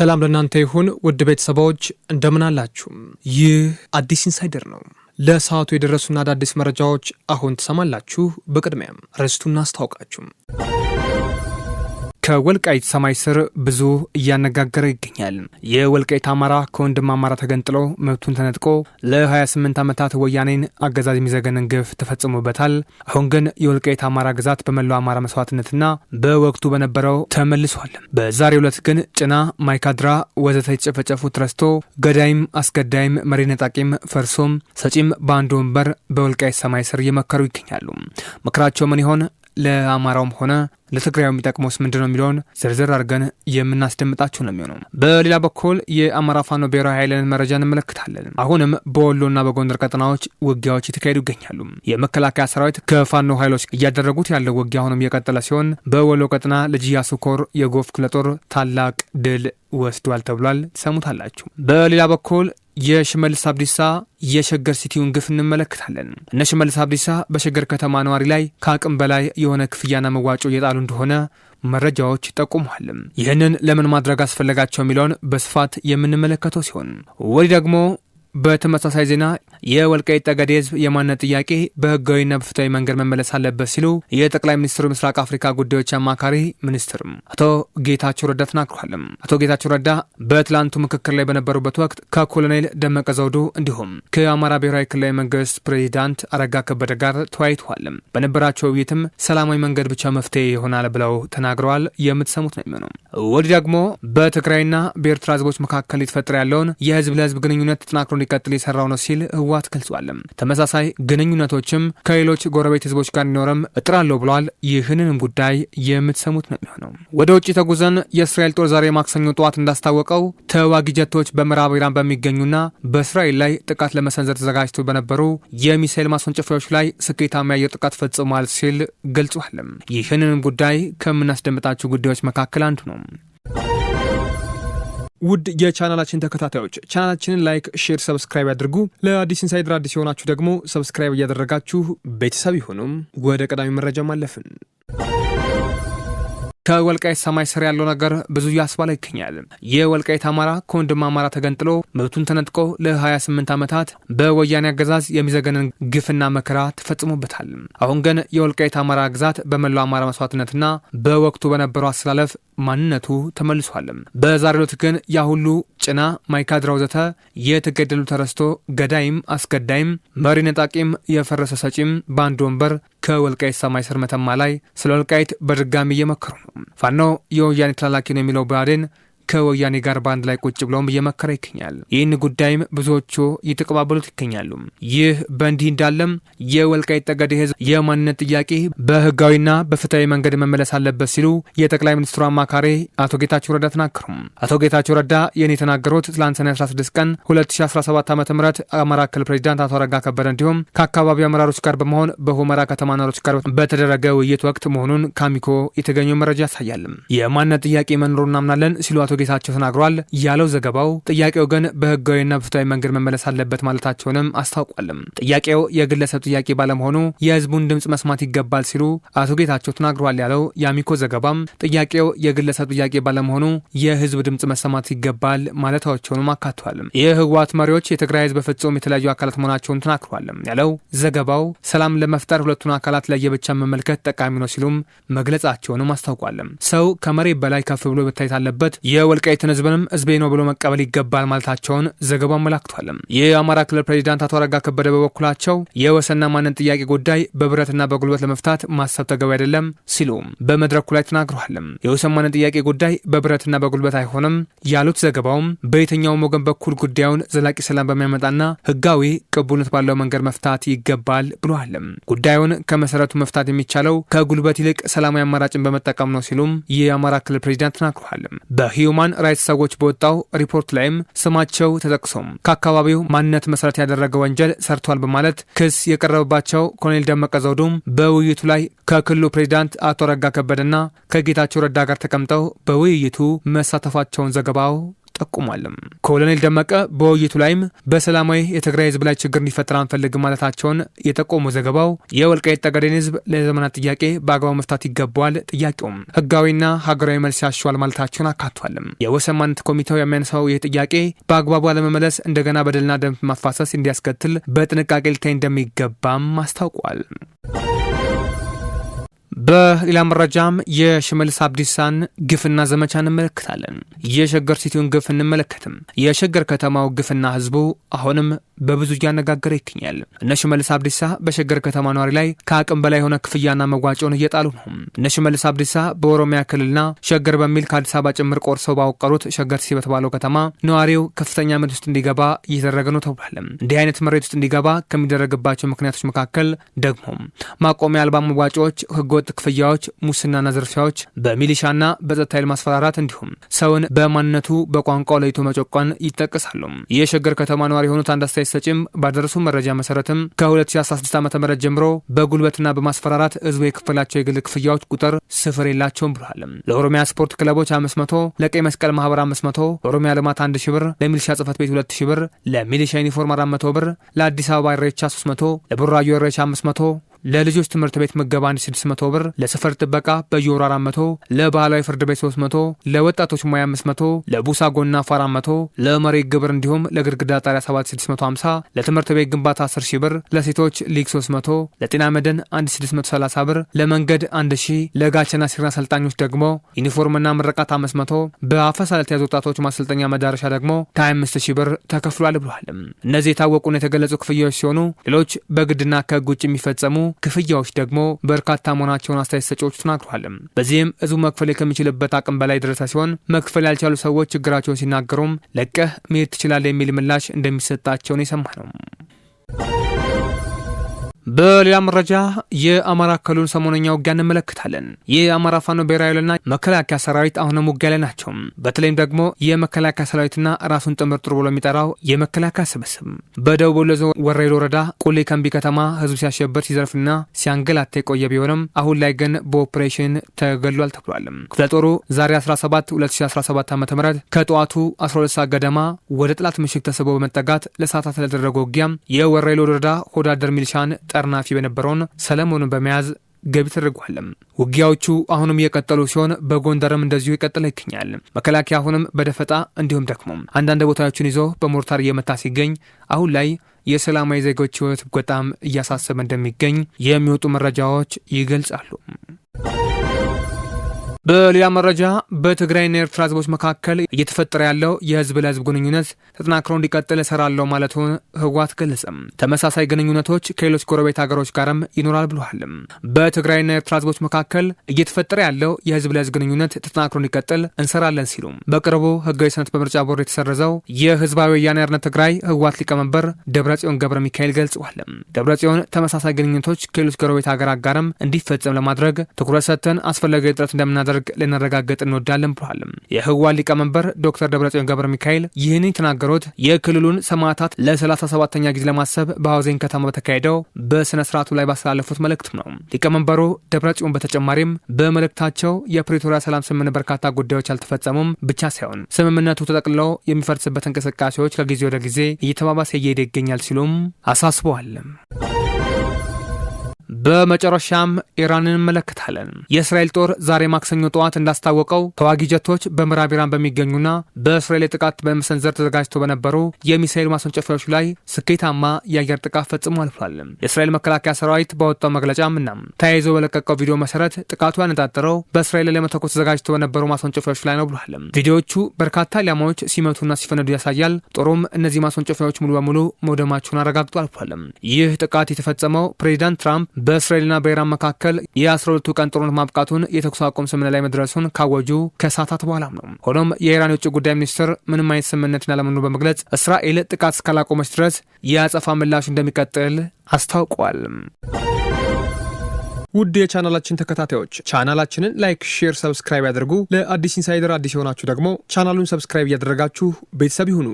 ሰላም ለእናንተ ይሁን ውድ ቤተሰባዎች እንደምን አላችሁም? ይህ አዲስ ኢንሳይደር ነው። ለሰዓቱ የደረሱና አዳዲስ መረጃዎች አሁን ትሰማላችሁ። በቅድሚያም ርዕሱን እናስታውቃችሁ። ከወልቃይት ሰማይ ስር ብዙ እያነጋገረ ይገኛል። የወልቃይት አማራ ከወንድም አማራ ተገንጥሎ መብቱን ተነጥቆ ለ28 ዓመታት ወያኔን አገዛዝ የሚዘገንን ግፍ ተፈጽሞበታል። አሁን ግን የወልቃይት አማራ ግዛት በመላው አማራ መስዋዕትነትና በወቅቱ በነበረው ተመልሷል። በዛሬው ዕለት ግን ጭና፣ ማይካድራ ወዘተ የተጨፈጨፉት ረስቶ ገዳይም አስገዳይም መሪ ነጣቂም ፈርሶም ሰጪም በአንድ ወንበር በወልቃይት ሰማይ ስር እየመከሩ ይገኛሉ። ምክራቸው ምን ይሆን? ለአማራውም ሆነ ለትግራዩ የሚጠቅመውስ ምንድን ነው የሚለውን ዝርዝር አድርገን የምናስደምጣችሁ ነው የሚሆነው። በሌላ በኩል የአማራ ፋኖ ብሔራዊ ኃይልን መረጃ እንመለከታለን። አሁንም በወሎና በጎንደር ቀጠናዎች ውጊያዎች እየተካሄዱ ይገኛሉ። የመከላከያ ሰራዊት ከፋኖ ኃይሎች እያደረጉት ያለው ውጊያ አሁንም እየቀጠለ ሲሆን፣ በወሎ ቀጠና ልጅ ኮር የጎፍ ክፍለ ጦር ታላቅ ድል ወስዷል ተብሏል። ትሰሙታላችሁ። በሌላ በኩል የሽመልስ አብዲሳ የሸገር ሲቲውን ግፍ እንመለከታለን። እነ ሽመልስ አብዲሳ በሸገር ከተማ ነዋሪ ላይ ከአቅም በላይ የሆነ ክፍያና መዋጮ እየጣሉ እንደሆነ መረጃዎች ይጠቁማል። ይህንን ለምን ማድረግ አስፈለጋቸው የሚለውን በስፋት የምንመለከተው ሲሆን ወዲህ ደግሞ በተመሳሳይ ዜና የወልቃይት ጠገዴ ህዝብ የማንነት ጥያቄ በህጋዊና በፍትሐዊ መንገድ መመለስ አለበት ሲሉ የጠቅላይ ሚኒስትሩ ምስራቅ አፍሪካ ጉዳዮች አማካሪ ሚኒስትርም አቶ ጌታቸው ረዳ ተናግሯል። አቶ ጌታቸው ረዳ በትላንቱ ምክክር ላይ በነበሩበት ወቅት ከኮሎኔል ደመቀ ዘውዱ እንዲሁም ከአማራ ብሔራዊ ክልላዊ መንግስት ፕሬዚዳንት አረጋ ከበደ ጋር ተወያይተዋል። በነበራቸው ውይይትም ሰላማዊ መንገድ ብቻ መፍትሄ ይሆናል ብለው ተናግረዋል። የምትሰሙት ነው የሚሆነው። ወዲህ ደግሞ በትግራይና በኤርትራ ህዝቦች መካከል ሊፈጠር ያለውን የህዝብ ለህዝብ ግንኙነት ተጠናክሮ እንዲቀጥል የሰራው ነው ሲል ህወሓት ገልጿል። ተመሳሳይ ግንኙነቶችም ከሌሎች ጎረቤት ህዝቦች ጋር እንዲኖርም እጥራለሁ ብሏል። ይህንንም ጉዳይ የምትሰሙት ነው የሚሆነው። ወደ ውጭ ተጉዘን የእስራኤል ጦር ዛሬ ማክሰኞ ጠዋት እንዳስታወቀው ተዋጊ ጀቶች በምዕራብ ኢራን በሚገኙና በእስራኤል ላይ ጥቃት ለመሰንዘር ተዘጋጅቶ በነበሩ የሚሳኤል ማስወንጨፊያዎች ላይ ስኬታማ የአየር ጥቃት ፈጽሟል ሲል ገልጿል። ይህንንም ጉዳይ ከምናስደምጣቸው ጉዳዮች መካከል አንዱ ነው። ውድ የቻናላችን ተከታታዮች ቻናላችንን ላይክ፣ ሼር፣ ሰብስክራይብ ያድርጉ። ለአዲስ ኢንሳይደር አዲስ የሆናችሁ ደግሞ ሰብስክራይብ እያደረጋችሁ ቤተሰብ ይሁኑም። ወደ ቀዳሚ መረጃ ማለፍን ከወልቃይት ሰማይ ስር ያለው ነገር ብዙ ያስባላ ይገኛል። የወልቃይት አማራ ከወንድም አማራ ተገንጥሎ መብቱን ተነጥቆ ለ28 ዓመታት በወያኔ አገዛዝ የሚዘገንን ግፍና መከራ ተፈጽሞበታል። አሁን ግን የወልቃይት አማራ ግዛት በመላው አማራ መስዋዕትነትና በወቅቱ በነበረው አሰላለፍ ማንነቱ ተመልሷልም። በዛሬው ዕለት ግን ያ ሁሉ ጭና፣ ማይካድራ ወዘተ የተገደሉ ተረስቶ ገዳይም አስገዳይም መሪ ነጣቂም የፈረሰ ሰጪም በአንድ ወንበር ከወልቃይት ሰማይ ስር መተማ ላይ ስለ ወልቃይት በድጋሚ እየመከሩ ነው። ፋኖ የወያኔ ተላላኪ ነው የሚለው ብአዴን ከወያኔ ጋር በአንድ ላይ ቁጭ ብለውም እየመከረ ይገኛል። ይህን ጉዳይም ብዙዎቹ እየተቀባበሉት ይገኛሉ። ይህ በእንዲህ እንዳለም የወልቃይት ጠገዴ ህዝብ የማንነት ጥያቄ በህጋዊና በፍትሐዊ መንገድ መመለስ አለበት ሲሉ የጠቅላይ ሚኒስትሩ አማካሪ አቶ ጌታቸው ረዳ ተናገሩ። አቶ ጌታቸው ረዳ ይህን የተናገሩት ትላንት ሰኔ 16 ቀን 2017 ዓ ም አማራ ክልል ፕሬዚዳንት አቶ አረጋ ከበደ እንዲሁም ከአካባቢው አመራሮች ጋር በመሆን በሁመራ ከተማ ነዋሪዎች ጋር በተደረገ ውይይት ወቅት መሆኑን ካሚኮ የተገኘው መረጃ ያሳያል። የማንነት ጥያቄ መኖሩ እናምናለን ሲሉ አቶ መዘግየታቸው ተናግሯል ያለው ዘገባው፣ ጥያቄው ግን በህጋዊና በፍትሐዊ መንገድ መመለስ አለበት ማለታቸውንም አስታውቋልም። ጥያቄው የግለሰብ ጥያቄ ባለመሆኑ የህዝቡን ድምፅ መስማት ይገባል ሲሉ አቶ ጌታቸው ተናግሯል ያለው የአሚኮ ዘገባም ጥያቄው የግለሰብ ጥያቄ ባለመሆኑ የህዝብ ድምፅ መሰማት ይገባል ማለታቸውንም አካቷል። የህወሓት መሪዎች የትግራይ ህዝብ በፍጹም የተለያዩ አካላት መሆናቸውን ተናግረዋል ያለው ዘገባው ሰላም ለመፍጠር ሁለቱን አካላት ለየብቻ መመልከት ጠቃሚ ነው ሲሉም መግለጻቸውንም አስታውቋል። ሰው ከመሬት በላይ ከፍ ብሎ መታየት አለበት። የወልቃይትን ህዝብንም ህዝቤ ነው ብሎ መቀበል ይገባል ማለታቸውን ዘገባው አመላክቷል። የአማራ ክልል ፕሬዚዳንት አቶ አረጋ ከበደ በበኩላቸው የወሰንና ማንነት ጥያቄ ጉዳይ በብረትና በጉልበት ለመፍታት ማሰብ ተገቢ አይደለም ሲሉ በመድረኩ ላይ ተናግረዋል። የወሰን ማንነት ጥያቄ ጉዳይ በብረትና በጉልበት አይሆንም ያሉት ዘገባውም በየትኛውም ወገን በኩል ጉዳዩን ዘላቂ ሰላም በሚያመጣና ህጋዊ ቅቡነት ባለው መንገድ መፍታት ይገባል ብለዋል። ጉዳዩን ከመሰረቱ መፍታት የሚቻለው ከጉልበት ይልቅ ሰላማዊ አማራጭን በመጠቀም ነው ሲሉም የአማራ ክልል ፕሬዚዳንት ተናግረዋል። የሂውማን ራይትስ ሰዎች በወጣው ሪፖርት ላይም ስማቸው ተጠቅሶም ከአካባቢው ማንነት መሰረት ያደረገ ወንጀል ሰርቷል በማለት ክስ የቀረበባቸው ኮሎኔል ደመቀ ዘውዱም በውይይቱ ላይ ከክልሉ ፕሬዚዳንት አቶ ረጋ ከበደና ከጌታቸው ረዳ ጋር ተቀምጠው በውይይቱ መሳተፋቸውን ዘገባው ጠቁሟልም። ኮሎኔል ደመቀ በውይይቱ ላይም በሰላማዊ የትግራይ ህዝብ ላይ ችግር እንዲፈጠር አንፈልግም ማለታቸውን የጠቆመው ዘገባው የወልቃይት ጠገዴን ህዝብ ለዘመናት ጥያቄ በአግባቡ መፍታት ይገባዋል፣ ጥያቄውም ህጋዊና ሀገራዊ መልስ ያሸዋል ማለታቸውን አካቷልም። የወሰን ማንነት ኮሚቴው የሚያነሳው ይህ ጥያቄ በአግባቡ አለመመለስ እንደገና በደልና ደም ማፋሰስ እንዲያስከትል በጥንቃቄ ልታይ እንደሚገባም አስታውቋል። በሌላ መረጃም የሽመልስ አብዲሳን ግፍና ዘመቻ እንመለከታለን። የሸገር ሲቲውን ግፍ እንመለከትም። የሸገር ከተማው ግፍና ህዝቡ አሁንም በብዙ እያነጋገረ ይገኛል። እነ ሽመልስ አብዲሳ በሸገር ከተማ ነዋሪ ላይ ከአቅም በላይ የሆነ ክፍያና መዋጮን እየጣሉ ነው። እነ ሽመልስ አብዲሳ በኦሮሚያ ክልልና ሸገር በሚል ከአዲስ አበባ ጭምር ቆርሰው ባወቀሩት ሸገር ሲ በተባለው ከተማ ነዋሪው ከፍተኛ ምሬት ውስጥ እንዲገባ እየተደረገ ነው ተብሏል። እንዲህ አይነት መሬት ውስጥ እንዲገባ ከሚደረግባቸው ምክንያቶች መካከል ደግሞ ማቆሚያ አልባ መዋጮዎች፣ ህገወጥ ክፍያዎች፣ ሙስናና ዝርፊያዎች፣ በሚሊሻና በጸጥታ ኃይል ማስፈራራት እንዲሁም ሰውን በማንነቱ በቋንቋው ለይቶ መጨቆን ይጠቀሳሉ። የሸገር ከተማ ነዋሪ የሆኑት አንድ አስተያየት አስተያየት ሰጪም ባደረሱ መረጃ መሰረትም ከ2016 ዓ ም ጀምሮ በጉልበትና በማስፈራራት ህዝቡ የክፈላቸው የግል ክፍያዎች ቁጥር ስፍር የላቸውም ብሏል። ለኦሮሚያ ስፖርት ክለቦች 500፣ ለቀይ መስቀል ማህበር 500፣ ለኦሮሚያ ልማት 1 ሺ ብር፣ ለሚሊሻ ጽህፈት ቤት 2 ብር፣ ለሚሊሻ ዩኒፎርም 400 ብር፣ ለአዲስ አበባ ኢሬቻ 300፣ ለቡራዩ ኢሬቻ 500 ለልጆች ትምህርት ቤት ምገባ 600 ብር፣ ለሰፈር ጥበቃ በየወሩ 400፣ ለባህላዊ ፍርድ ቤት 300፣ ለወጣቶች ሙያ 500፣ ለቡሳ ጎና አፈር 400፣ ለመሬት ግብር እንዲሁም ለግድግዳ ጣሪያ 7650፣ ለትምህርት ቤት ግንባታ 10 ሺህ ብር፣ ለሴቶች ሊግ 300፣ ለጤና መድን 1630 ብር፣ ለመንገድ 1000፣ ለጋቸና ሲግና አሰልጣኞች ደግሞ ዩኒፎርምና ምረቃት 500፣ በአፈሳ ለተያዙ ወጣቶች ማሰልጠኛ መዳረሻ ደግሞ ከ25000 ብር ተከፍሏል ብሏል። እነዚህ የታወቁና የተገለጹ ክፍያዎች ሲሆኑ ሌሎች በግድና ከህግ ውጭ የሚፈጸሙ ክፍያዎች ደግሞ በርካታ መሆናቸውን አስተያየት ሰጪዎቹ ተናግረዋል። በዚህም እዙ መክፈል ከሚችልበት አቅም በላይ ደረሰ ሲሆን መክፈል ያልቻሉ ሰዎች ችግራቸውን ሲናገሩም ለቀህ መሄድ ትችላለህ የሚል ምላሽ እንደሚሰጣቸውን የሰማ ነው። በሌላ መረጃ የአማራ ክልሉን ሰሞነኛ ውጊያ እንመለከታለን። የአማራ ፋኖ ብሔራዊ ኃይልና መከላከያ ሰራዊት አሁንም ውጊያ ላይ ናቸው። በተለይም ደግሞ የመከላከያ ሰራዊትና ራሱን ጥምር ጥሩ ብሎ የሚጠራው የመከላከያ ስብስብ በደቡብ ወሎ ዞን ወረይሉ ወረዳ ቁሌ ከምቢ ከተማ ህዝብ ሲያሸበር ሲዘርፍና ሲያንገላታ የቆየ ቢሆንም አሁን ላይ ግን በኦፕሬሽን ተገሏል ተብሏል። ክፍለ ጦሩ ዛሬ 17 2017 ዓ ም ከጠዋቱ 12 ሰዓት ገደማ ወደ ጥላት ምሽግ ተስቦ በመጠጋት ለሰዓታት ለተደረገ ውጊያ የወረይሉ ወረዳ ሆዳደር ሚልሻን ጠርናፊ በነበረውን ሰለሞኑን በመያዝ ገቢ ተደርጓለም። ውጊያዎቹ አሁንም እየቀጠሉ ሲሆን በጎንደርም እንደዚሁ የቀጠለ ይገኛል። መከላከያ አሁንም በደፈጣ እንዲሁም ደግሞ አንዳንድ ቦታዎችን ይዞ በሞርታር እየመታ ሲገኝ አሁን ላይ የሰላማዊ ዜጎች ሕይወት በጣም እያሳሰበ እንደሚገኝ የሚወጡ መረጃዎች ይገልጻሉ። በሌላ መረጃ በትግራይና ኤርትራ ህዝቦች መካከል እየተፈጠረ ያለው የህዝብ ለህዝብ ግንኙነት ተጠናክሮ እንዲቀጥል እሰራለሁ ማለቱን ህወሓት ገለጸም። ተመሳሳይ ግንኙነቶች ከሌሎች ጎረቤት ሀገሮች ጋርም ይኖራል ብለዋል። በትግራይና ኤርትራ ህዝቦች መካከል እየተፈጠረ ያለው የህዝብ ለህዝብ ግንኙነት ተጠናክሮ እንዲቀጥል እንሰራለን ሲሉ በቅርቡ ህጋዊ ሰነድ በምርጫ ቦርድ የተሰረዘው የህዝባዊ ወያኔ ሓርነት ትግራይ ህወሓት ሊቀመንበር ደብረጽዮን ገብረ ሚካኤል ገልጸዋል። ደብረጽዮን ተመሳሳይ ግንኙነቶች ከሌሎች ጎረቤት ሀገራት ጋርም እንዲፈጸም ለማድረግ ትኩረት ሰጥተን አስፈላጊ ጥረት እንደምናደ እንደምታደርግ ልንረጋገጥ እንወዳለን ብለዋል። የህዋ ሊቀመንበር ዶክተር ደብረጽዮን ገብረ ሚካኤል ይህን የተናገሩት የክልሉን ሰማዕታት ለ37ኛ ጊዜ ለማሰብ በሐውዜን ከተማ በተካሄደው በስነ ስርዓቱ ላይ ባስተላለፉት መልእክት ነው። ሊቀመንበሩ ደብረጽዮን በተጨማሪም በመልእክታቸው የፕሪቶሪያ ሰላም ስምምነት በርካታ ጉዳዮች አልተፈጸሙም ብቻ ሳይሆን ስምምነቱ ተጠቅልሎ የሚፈርስበት እንቅስቃሴዎች ከጊዜ ወደ ጊዜ እየተባባሰ እየሄደ ይገኛል ሲሉም አሳስበዋል። በመጨረሻም ኢራንን እንመለከታለን። የእስራኤል ጦር ዛሬ ማክሰኞ ጠዋት እንዳስታወቀው ተዋጊ ጀቶች በምዕራብ ኢራን በሚገኙና በእስራኤል ጥቃት በመሰንዘር ተዘጋጅቶ በነበሩ የሚሳኤል ማስወንጨፊያዎች ላይ ስኬታማ የአየር ጥቃት ፈጽሞ አልፏል። የእስራኤል መከላከያ ሰራዊት በወጣው መግለጫ ምናም ተያይዞ በለቀቀው ቪዲዮ መሰረት ጥቃቱ ያነጣጠረው በእስራኤል ለመተኮስ ተዘጋጅቶ በነበሩ ማስወንጨፊያዎች ላይ ነው ብሏል። ቪዲዮዎቹ በርካታ ኢላማዎች ሲመቱና ሲፈነዱ ያሳያል። ጦሩም እነዚህ ማስወንጨፊያዎች ሙሉ በሙሉ መውደማቸውን አረጋግጦ አልፏል። ይህ ጥቃት የተፈጸመው ፕሬዚዳንት ትራምፕ በእስራኤልና በኢራን መካከል የ12ቱ ቀን ጦርነት ማብቃቱን የተኩስ አቁም ስምምነት ላይ መድረሱን ካወጁ ከሰዓታት በኋላም ነው። ሆኖም የኢራን የውጭ ጉዳይ ሚኒስትር ምንም አይነት ስምምነትን አለመኖሩን በመግለጽ እስራኤል ጥቃት እስካላቆመች ድረስ የአጸፋ ምላሹ እንደሚቀጥል አስታውቋል። ውድ የቻናላችን ተከታታዮች ቻናላችንን ላይክ፣ ሼር፣ ሰብስክራይብ ያደርጉ። ለአዲስ ኢንሳይደር አዲስ የሆናችሁ ደግሞ ቻናሉን ሰብስክራይብ እያደረጋችሁ ቤተሰብ ይሁኑ።